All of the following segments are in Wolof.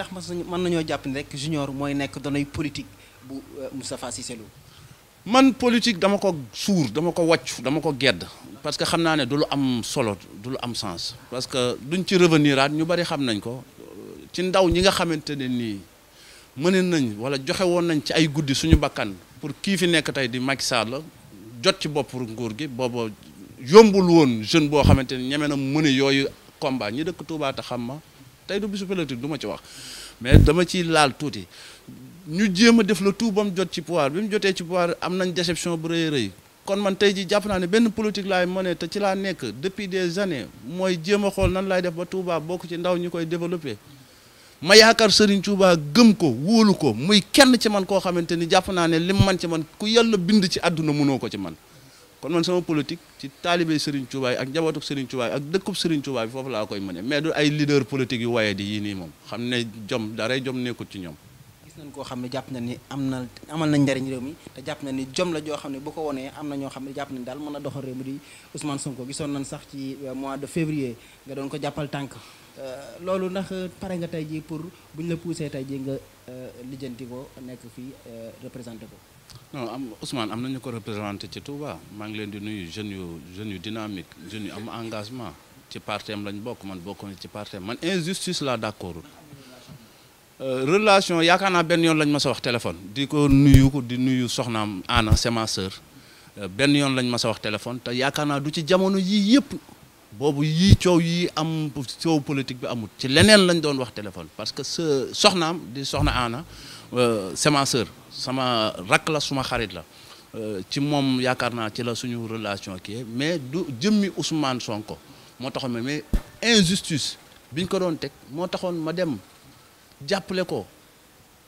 ndax mën nañoo jàpp ni rek junior mooy nekk danay politique bu euh, Moustapha Cissé Lo man politique dama ko suur dama ko wàccu dama ko gedd parce que xam naa ne du lu am solo du lu am sens parce que duñ ci revenir aat ñu bari xam nañ ko ci ndaw ñi nga xamante ne nii mëne nañ wala joxe woon nañ ci ay guddi suñu bakkan pour kii fi nekk tey di mag Sall jot ci bopp nguur gi booba yombul woon jeune boo xamante ne ñeme na mëne yooyu combat ñi dëkk Touba xam ma tey du bisu politique du ma ci wax mais dama ci laal tuuti ñu jéem a def la tout ba mu jot ci pouvoir bi mu jotee ci pouvoir am nañ déception bu rëy rëy kon man tey ji jàpp naa ne benn politique laay mënee te ci laa nekk depuis des années mooy jéem a xool nan laay def ba Touba bokk ci ndaw ñu koy développé ma yaakaar Serigne Touba gëm ko wóolu ko muy kenn ci man koo xamante ni jàpp naa ne lim man ci man ku yàlla bind ci àdduna munoo ko ci man kon man sama politique ci taalibe Serigne Touba ak njabootuk Serigne Touba ak dëkkub Serigne Touba bi foofu laa koy mëne mais du ay leader politique yu waye di yii nii moom xam ne jom daray jom nekkul ci ñoom. gis nañ koo xam ne jàpp na ni am na amal nañ njariñ réew mi te jàpp na ni jom la joo xam ne bu ko wonee am na ñoo xam ne jàpp nañ daal mën a doxal réew mi di Ousmane Sonko gisoon nañ sax ci euh, mois de février nga doon ko jàppal tànk euh, loolu ndax euh, pare nga tey jii pour bu ñu la poussé tey jii nga lijjanti ko nekk fii représenté ko. non am Ousmane am nañu ko représenté ci Touba maa ngi leen di nuyu jeunes yu jeunes yu dynamique jeunes yu am engagement ci partem lañ bokk man bokk bokkoon ci partem man injustice laa d'accord euh, relation yaakaar naa benn yoon lañ ma sa wax téléphone di ko nuyu ko di nuyu soxnaam Anna c'est euh, benn yoon lañ ma sa wax téléphone te yaakaar naa du ci jamono yii yëpp boobu yii coow yii am coow politique bi amul ci leneen lañ doon wax téléphone parce que sa soxnaam di soxna Anna euh, c'est ma sama rakk la suma xarit la euh, ci moom yaakaar naa ci la suñu relation ki mais du jëmmi Ousmane Sonko moo taxoon ma mais injustice biñ ko doon teg moo taxoon ma dem jàppale ko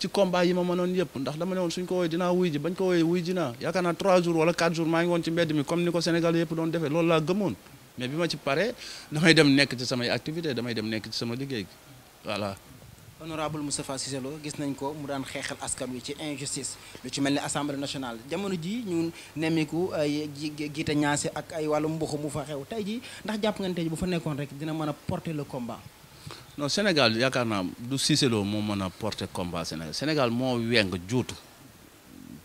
ci combat yi ma mënoon yëpp ndax dama ne woon suñ ko woowee dinaa wuy ji bañ ko woowee wuy ji naa yaakaar naa 3 jours wala 4 jours maa ngi woon ci mbedd mi comme ni ko Sénégal yëpp doon defee loolu laa gëmoon mais bi ma ci pare damay dem nekk ci samay activité damay dem nekk ci sama liggéey honorable Moustapha Cissé Lo gis nañ ko mu daan xeexal askan wi ci injustice lu ci mel ni assemblée nationale jamono ji ñun nemmiku ay giite ñaase ak ay wàllu mbuxu mu fa xew tey ji ndax jàpp nga ne tey bu fa nekkoon rek dina mën a porter le combat non Sénégal yaakaar naa du Cissé moo mën a porter combat Sénégal Sénégal moo weng juutu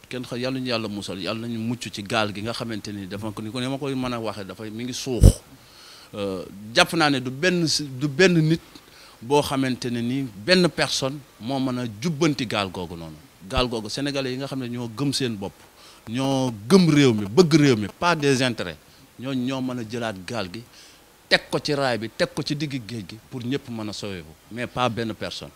kenn xam yàlla ñu yàlla musal yàlla ñu mucc ci gaal gi nga xamante ni dafa ko ni ko ne ma koy mën a waxee dafa mu ngi suux euh, jàpp naa ne du benn du benn nit boo xamante ne ni benn personne moo mën a jubbanti gaal googu noonu gaal googu sénégalais yi nga xam ne ñoo gëm seen bopp ñoo gëm réew mi bëgg réew mi pas des intérêts ñooñ ñoo mën a jëlaat gaal gi teg ko ci raay bi teg ko ci digg géej gi pour ñëpp mën a sauver mais pas benn personne.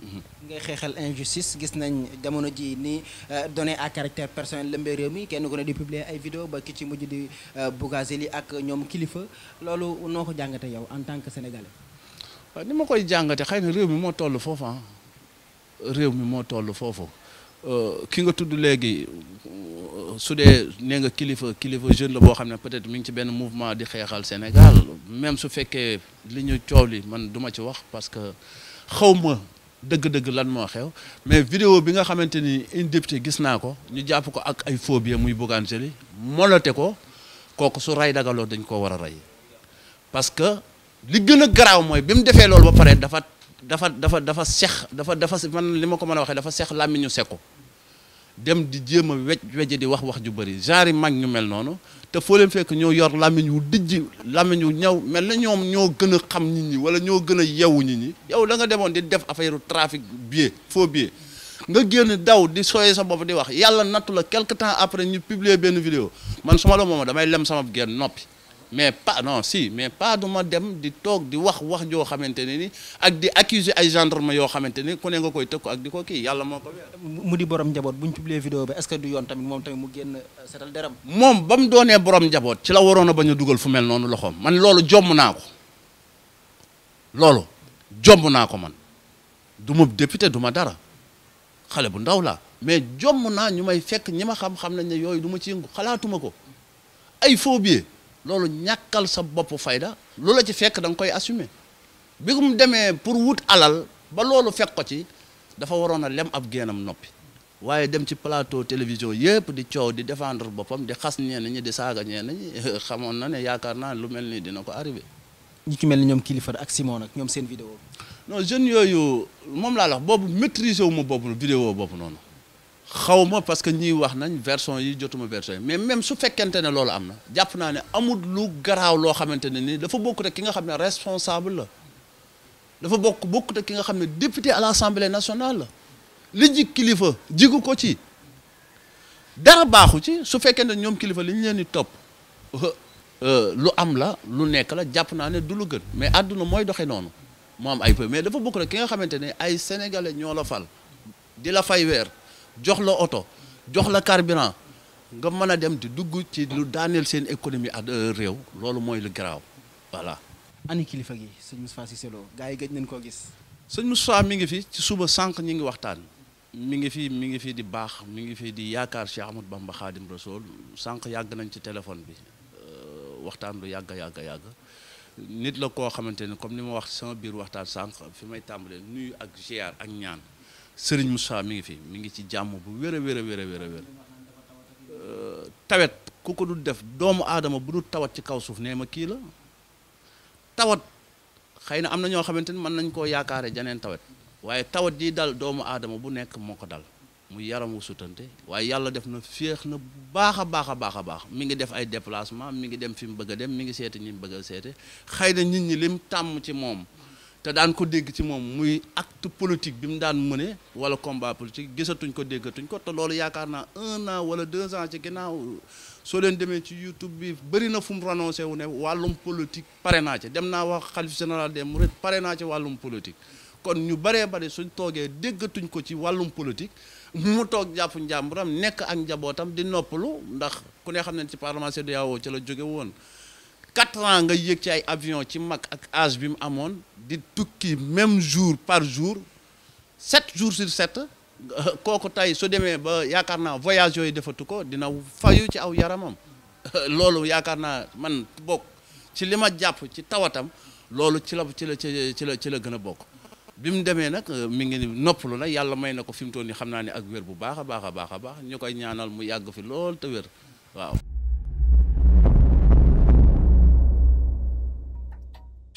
Mhm. ngay xeexal injustice gis nañ jamono ji ni euh, données à caractère personnel lëmbee réew mi kenn ko ne di publier ay vidéo ba ki ci mujj di euh, Bougazelli ak ñoom kilifa loolu noo ko jàngate yow en tant que sénégalais. waaw ni ma koy jàngate xëy na réew mi moo tollu foofu ah réew mi moo toll foofu euh, ki nga tudd léegi su dee nee nga kilifa kilifa jeune la boo xam ne peut-être mi ngi ci benn mouvement di xeexal Sénégal même su fekkee li ñu coow li man duma ci wax parce que xaw ma dëgg-dëgg lan moo xew mais vidéo bi nga xamante ni une député gis naa ko ñu jàpp ko ak ay phobie muy Bougane li molote ko kooku su rey dagaloo dañ koo war a rey parce que li gën a garaaw mooy bi mu defee loolu ba pare dafa dafa dafa dafa sex dafa dafa man li ma ko mën a waxee dafa sex làmmiñu sekku dem di jéem a wej weje di wax wax ju bëri genre mag ñu mel noonu te foo leen fekk ñoo yor làmmiñ wu dijj làmmiñ wu ñaw mel na ñoom ñoo gën a xam nit ñi wala ñoo gën a yewu nit ñi yow da nga demoon di def affaire trafic billet foo billet nga génn daw di sooyee sa bopp di wax yàlla nattu la quelque temps après ñu publier benn vidéo man su ma la moom damay lem sama genn noppi mais pas non si mais pas du dem di toog di wax wax joo xamante ne ni ak di accuser ay gendarme yoo xamante ni ku ne nga koy tëkk ak di ko kii yàlla moo ko mu di borom njaboot bu ñu publier vidéo bi est-ce que du yoon tamit moom tamit mu génn euh, setal deram. moom ba mu borom njaboot ci la waroon a bañ dugal fu mel noonu loxoom man loolu jomm naa ko loolu jomm naa ko man duma ma député du dara xale bu ndaw laa mais jomm naa ñu may fekk ñi ma xam xam nañ ne yooyu duma ci yëngu xalaatuma ko ay faux billets loolu ñàkkal sa bopp fayda lu la ci fekk da koy assumé bi mu demee pour wut alal ba loolu fekk ko ci dafa waroon a lem ab génnam noppi waaye dem ci plateau télévision yëpp di coow di défendre boppam di xas ñenn ñi di saaga ñenn ñi xamoon na ne yaakaar naa lu mel nii dina ko arrivé. ñi ci mel ni ñoom Kilifeu ak Simon ak ñoom seen vidéo. non jeunes yooyu moom laa la wax boobu maîtriser wu ma boobu vidéo boobu noonu. xaw ma parce que ñiy wax nañ version yi jotuma version yi mais même su fekkente ne loolu am na jàpp naa ne amul lu garaaw loo xamante ne nii dafa bokk rek ki nga xam ne responsable la dafa bokk bokk rek ki nga xam ne député à l'Assemblée nationale la li ji kilifa jigu ko ci dara baaxu ci su fekkente ñoom kilifa li ñu leen di topp lu am la lu nekk la jàpp naa ne du lu gën mais àdduna mooy doxee noonu moo am ay peu mais dafa bokk rek ki nga xamante ne ay sénégalais ñoo la fal di la fay weer jox la oto jox la carburant nga mën a dem di dugg ci lu daaneel seen économie ak euh, réew loolu mooy lu garaaw voilà. ani kilifa gi sëñ Moustapha Cissé Lo gars yi gëj nañ koo gis. sëñ Moustapha mi ngi fi ci suba sànq ñu ngi waxtaan. mi ngi fi mi ngi fi di baax mi ngi fi di yaakaar Cheikh Ahmad Bamba Khadim Rasoul sànq yàgg nañ ci téléphone bi euh, waxtaan lu yàgg yàgg yàgg nit la koo xamante ni comme ni ma wax sama biir waxtaan sànq fi may tàmbalee nuyu ak ziar ak ñaan. Serigne Moussa mi ngi fi mi ngi ci jàmm bu wéra a wér wér a wér euh, tawet ku ko du def doomu aadama bu du tawet ci kaw suuf nee ma kii la tawat xëy na am na ñoo xamante ni mën nañ koo yaakaare janeen tawet waaye tawat ji dal doomu aadama bu nekk moo ko dal mu yaram wu sutante waaye yàlla def na féex na baax a baax a baax a baax mi ngi def ay déplacement mi ngi dem fi mu bëgg dem mi ngi seeti ñi mu bëgg a seete xëy na nit ñi lim tàmm ci moom te daan ko dégg ci moom muy acte politique bi mu daan mëne wala combat politique gisatuñ ko déggatuñ ko te loolu yaakaar naa un an wala deux ans ci ginnaaw soo leen demee ci YouTube bi bëri na fu mu renoncé wu ne wàllum politique pare naa ci dem naa wax xalif général des mourides pare naa ci wàllum politique kon ñu baree bari suñ toogee déggatuñ ko ci wàllum politique mu toog jàpp njàmburam nekk ak njabootam di noppalu ndax ku ne xam ne ci parlement CEDEAO ci la jóge woon quatre ans nga yéeg ci ay avion ci mag ak âge bi mu amoon di tukki même jour par jour sept jours sur sept kooku tey su demee ba yaakaar naa voyage yooyu defatu ko dina fayu ci aw yaramam loolu yaakaar naa man bokk ci li ma jàpp ci tawatam loolu ci la ci la ci la ci la gën a bokk bi mu demee nag euh, mu ngi noppalu la yàlla may na ko fi mu toll nii xam naa ne ak wér bu baax a baax a baax a baax ñu koy ñaanal mu yàgg fi lool te wér waaw